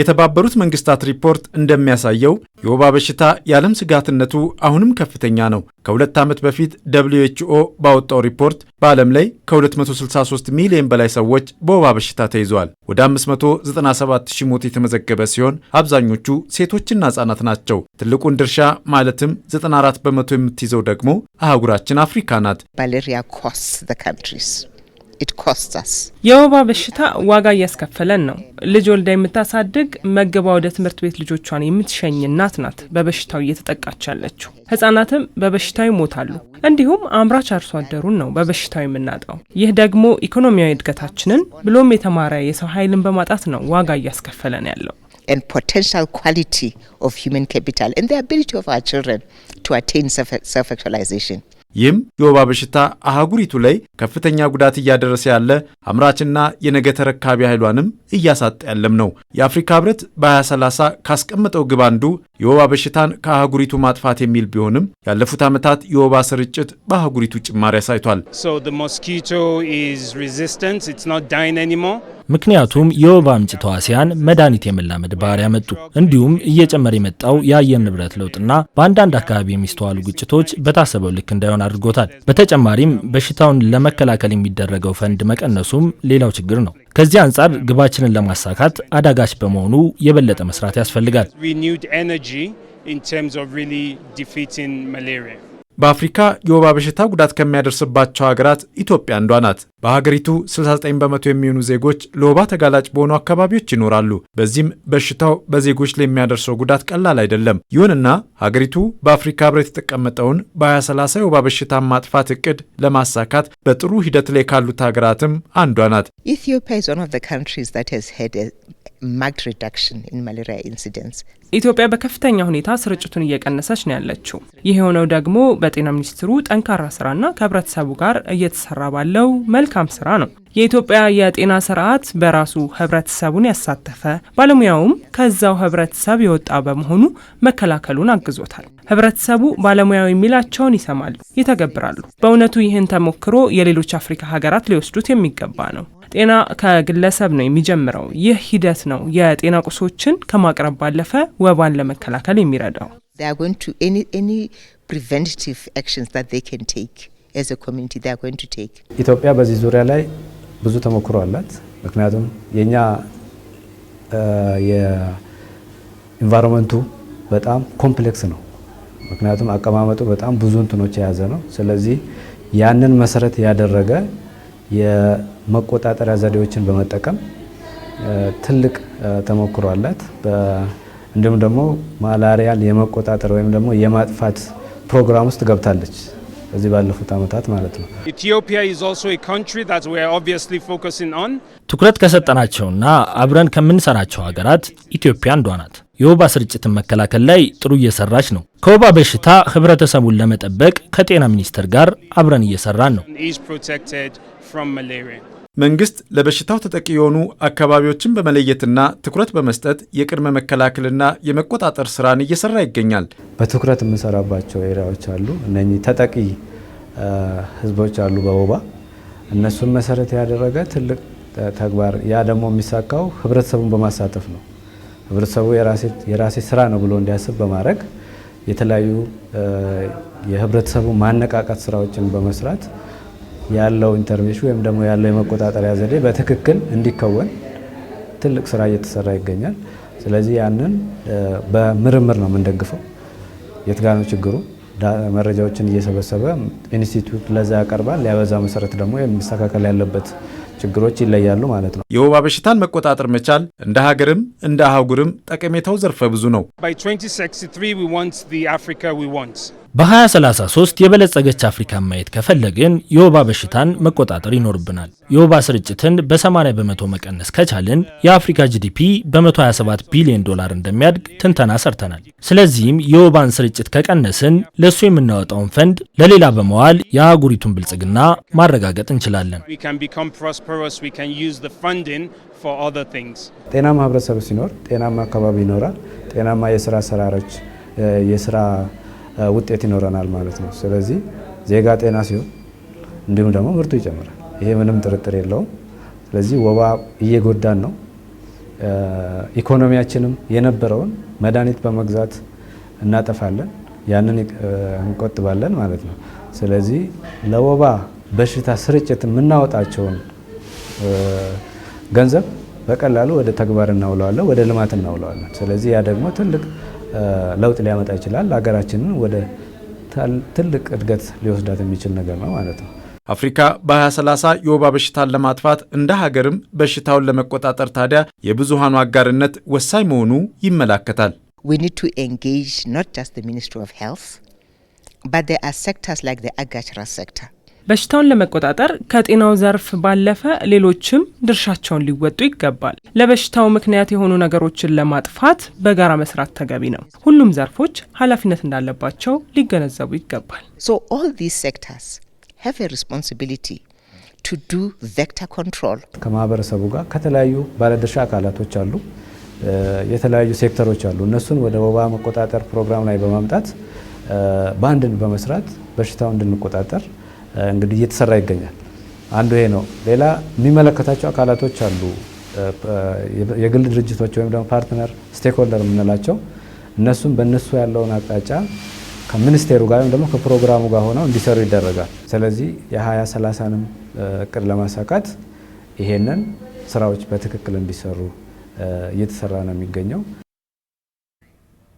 የተባበሩት መንግስታት ሪፖርት እንደሚያሳየው የወባ በሽታ የዓለም ስጋትነቱ አሁንም ከፍተኛ ነው። ከሁለት ዓመት በፊት ደብልዩ ኤችኦ ባወጣው ሪፖርት በዓለም ላይ ከ263 ሚሊዮን በላይ ሰዎች በወባ በሽታ ተይዘዋል። ወደ 597 ሺህ ሞት የተመዘገበ ሲሆን አብዛኞቹ ሴቶችና ሕፃናት ናቸው። ትልቁን ድርሻ ማለትም 94 በመቶ የምትይዘው ደግሞ አህጉራችን አፍሪካ ናት። የወባ በሽታ ዋጋ እያስከፈለን ነው። ልጅ ወልዳ የምታሳድግ መገባ ወደ ትምህርት ቤት ልጆቿን የምትሸኝ እናት ናት በበሽታው እየተጠቃች ያለችው። ህጻናትም በበሽታው ይሞታሉ። እንዲሁም አምራች አርሶ አደሩን ነው በበሽታው የምናጣው። ይህ ደግሞ ኢኮኖሚያዊ እድገታችንን ብሎም የተማረ የሰው ኃይልን በማጣት ነው ዋጋ እያስከፈለን ያለው። ፖቴንሻል ኳሊቲ ኦፍ ሂውመን ካፒታል ን ። ዘ ኦፍ አወር ችልድረን ቱ ይህም የወባ በሽታ አህጉሪቱ ላይ ከፍተኛ ጉዳት እያደረሰ ያለ አምራችና የነገ ተረካቢ ኃይሏንም እያሳጠ ያለም ነው። የአፍሪካ ህብረት በ2030 ካስቀመጠው ግብ አንዱ የወባ በሽታን ከአህጉሪቱ ማጥፋት የሚል ቢሆንም ያለፉት ዓመታት የወባ ስርጭት በአህጉሪቱ ጭማሪ አሳይቷል። ምክንያቱም የወባ አምጪ ተዋሲያን መድኃኒት የመላመድ ባህሪ ያመጡ፣ እንዲሁም እየጨመረ የመጣው የአየር ንብረት ለውጥና በአንዳንድ አካባቢ የሚስተዋሉ ግጭቶች በታሰበው ልክ እንዳይሆን አድርጎታል። በተጨማሪም በሽታውን ለመከላከል የሚደረገው ፈንድ መቀነሱም ሌላው ችግር ነው። ከዚህ አንጻር ግባችንን ለማሳካት አዳጋች በመሆኑ የበለጠ መስራት ያስፈልጋል። በአፍሪካ የወባ በሽታ ጉዳት ከሚያደርስባቸው ሀገራት ኢትዮጵያ አንዷ ናት። በሀገሪቱ 69 በመቶ የሚሆኑ ዜጎች ለወባ ተጋላጭ በሆኑ አካባቢዎች ይኖራሉ። በዚህም በሽታው በዜጎች ላይ የሚያደርሰው ጉዳት ቀላል አይደለም። ይሁንና ሀገሪቱ በአፍሪካ ሕብረት የተቀመጠውን በ2030 የወባ በሽታ ማጥፋት እቅድ ለማሳካት በጥሩ ሂደት ላይ ካሉት ሀገራትም አንዷ ናት። marked ሪዳክሽን in malaria incidence. ኢትዮጵያ በከፍተኛ ሁኔታ ስርጭቱን እየቀነሰች ነው ያለችው። ይህ የሆነው ደግሞ በጤና ሚኒስትሩ ጠንካራ ስራና ከህብረተሰቡ ጋር እየተሰራ ባለው መልካም ስራ ነው። የኢትዮጵያ የጤና ስርዓት በራሱ ህብረተሰቡን ያሳተፈ ባለሙያውም ከዛው ህብረተሰብ የወጣ በመሆኑ መከላከሉን አግዞታል። ህብረተሰቡ ባለሙያው የሚላቸውን ይሰማሉ፣ ይተገብራሉ። በእውነቱ ይህን ተሞክሮ የሌሎች አፍሪካ ሀገራት ሊወስዱት የሚገባ ነው። ጤና ከግለሰብ ነው የሚጀምረው። ይህ ሂደት ነው የጤና ቁሶችን ከማቅረብ ባለፈ ወባን ለመከላከል የሚረዳው። ኢትዮጵያ በዚህ ዙሪያ ላይ ብዙ ተሞክሮ አላት። ምክንያቱም የእኛ የኢንቫይሮንመንቱ በጣም ኮምፕሌክስ ነው። ምክንያቱም አቀማመጡ በጣም ብዙ እንትኖች የያዘ ነው። ስለዚህ ያንን መሰረት ያደረገ መቆጣጠሪያ ዘዴዎችን በመጠቀም ትልቅ ተሞክሮ አላት። እንዲሁም ደግሞ ማላሪያን የመቆጣጠር ወይም ደግሞ የማጥፋት ፕሮግራም ውስጥ ገብታለች። በዚህ ባለፉት ዓመታት ማለት ነው። ትኩረት ከሰጠናቸውና አብረን ከምንሰራቸው ሀገራት ኢትዮጵያ አንዷ ናት። የወባ ስርጭትን መከላከል ላይ ጥሩ እየሰራች ነው። ከወባ በሽታ ህብረተሰቡን ለመጠበቅ ከጤና ሚኒስቴር ጋር አብረን እየሰራን ነው። መንግስት ለበሽታው ተጠቂ የሆኑ አካባቢዎችን በመለየትና ትኩረት በመስጠት የቅድመ መከላከልና የመቆጣጠር ስራን እየሰራ ይገኛል። በትኩረት የምንሰራባቸው ኤሪያዎች አሉ። እነኚህ ተጠቂ ህዝቦች አሉ በወባ እነሱን መሰረት ያደረገ ትልቅ ተግባር። ያ ደግሞ የሚሳካው ህብረተሰቡን በማሳተፍ ነው። ህብረተሰቡ የራሴ ስራ ነው ብሎ እንዲያስብ በማድረግ የተለያዩ የህብረተሰቡ ማነቃቃት ስራዎችን በመስራት ያለው ኢንተርቬንሽን ወይም ደግሞ ያለው የመቆጣጠሪያ ዘዴ በትክክል እንዲከወን ትልቅ ስራ እየተሰራ ይገኛል። ስለዚህ ያንን በምርምር ነው የምንደግፈው። የት ነው ችግሩ? መረጃዎችን እየሰበሰበ ኢንስቲትዩት ለዛ ያቀርባል። ሊያበዛ መሰረት ደግሞ የሚስተካከል ያለበት ችግሮች ይለያሉ ማለት ነው። የወባ በሽታን መቆጣጠር መቻል እንደ ሀገርም እንደ አህጉርም ጠቀሜታው ዘርፈ ብዙ ነው። በ2033 የበለጸገች አፍሪካን ማየት ከፈለግን የወባ በሽታን መቆጣጠር ይኖርብናል። የወባ ስርጭትን በ80 በመቶ መቀነስ ከቻልን የአፍሪካ ጂዲፒ በ127 ቢሊዮን ዶላር እንደሚያድግ ትንተና ሰርተናል። ስለዚህም የወባን ስርጭት ከቀነስን ለእሱ የምናወጣውን ፈንድ ለሌላ በመዋል የአህጉሪቱን ብልጽግና ማረጋገጥ እንችላለን። ጤናማ ህብረተሰብ ሲኖር ጤናማ አካባቢ ይኖራል። ጤናማ የስራ ሰራሮች የስራ ውጤት ይኖረናል ማለት ነው። ስለዚህ ዜጋ ጤና ሲሆን እንዲሁም ደግሞ ምርቱ ይጨምራል። ይሄ ምንም ጥርጥር የለውም። ስለዚህ ወባ እየጎዳን ነው። ኢኮኖሚያችንም የነበረውን መድኃኒት በመግዛት እናጠፋለን፣ ያንን እንቆጥባለን ማለት ነው። ስለዚህ ለወባ በሽታ ስርጭት የምናወጣቸውን ገንዘብ በቀላሉ ወደ ተግባር እናውለዋለን፣ ወደ ልማት እናውለዋለን። ስለዚህ ያ ደግሞ ትልቅ ለውጥ ሊያመጣ ይችላል። ሀገራችንን ወደ ትልቅ እድገት ሊወስዳት የሚችል ነገር ነው ማለት ነው። አፍሪካ በ2030 የወባ በሽታን ለማጥፋት እንደ ሀገርም በሽታውን ለመቆጣጠር ታዲያ የብዙሃኑ አጋርነት ወሳኝ መሆኑ ይመላከታል። ሚኒስትሪ ኦፍ ሄልዝ በሽታውን ለመቆጣጠር ከጤናው ዘርፍ ባለፈ ሌሎችም ድርሻቸውን ሊወጡ ይገባል። ለበሽታው ምክንያት የሆኑ ነገሮችን ለማጥፋት በጋራ መስራት ተገቢ ነው። ሁሉም ዘርፎች ኃላፊነት እንዳለባቸው ሊገነዘቡ ይገባል። So all ከማህበረሰቡ ጋር ከተለያዩ ባለድርሻ አካላቶች አሉ የተለያዩ ሴክተሮች አሉ። እነሱን ወደ ወባ መቆጣጠር ፕሮግራም ላይ በማምጣት በአንድን በመስራት በሽታው እንድንቆጣጠር እንግዲህ እየተሰራ ይገኛል። አንዱ ይሄ ነው። ሌላ የሚመለከታቸው አካላቶች አሉ። የግል ድርጅቶች ወይም ደግሞ ፓርትነር ስቴክሆልደር የምንላቸው እነሱም በእነሱ ያለውን አቅጣጫ ከሚኒስቴሩ ጋር ወይም ደግሞ ከፕሮግራሙ ጋር ሆነው እንዲሰሩ ይደረጋል። ስለዚህ የ20 30 እቅድ ለማሳካት ይሄንን ስራዎች በትክክል እንዲሰሩ እየተሰራ ነው የሚገኘው።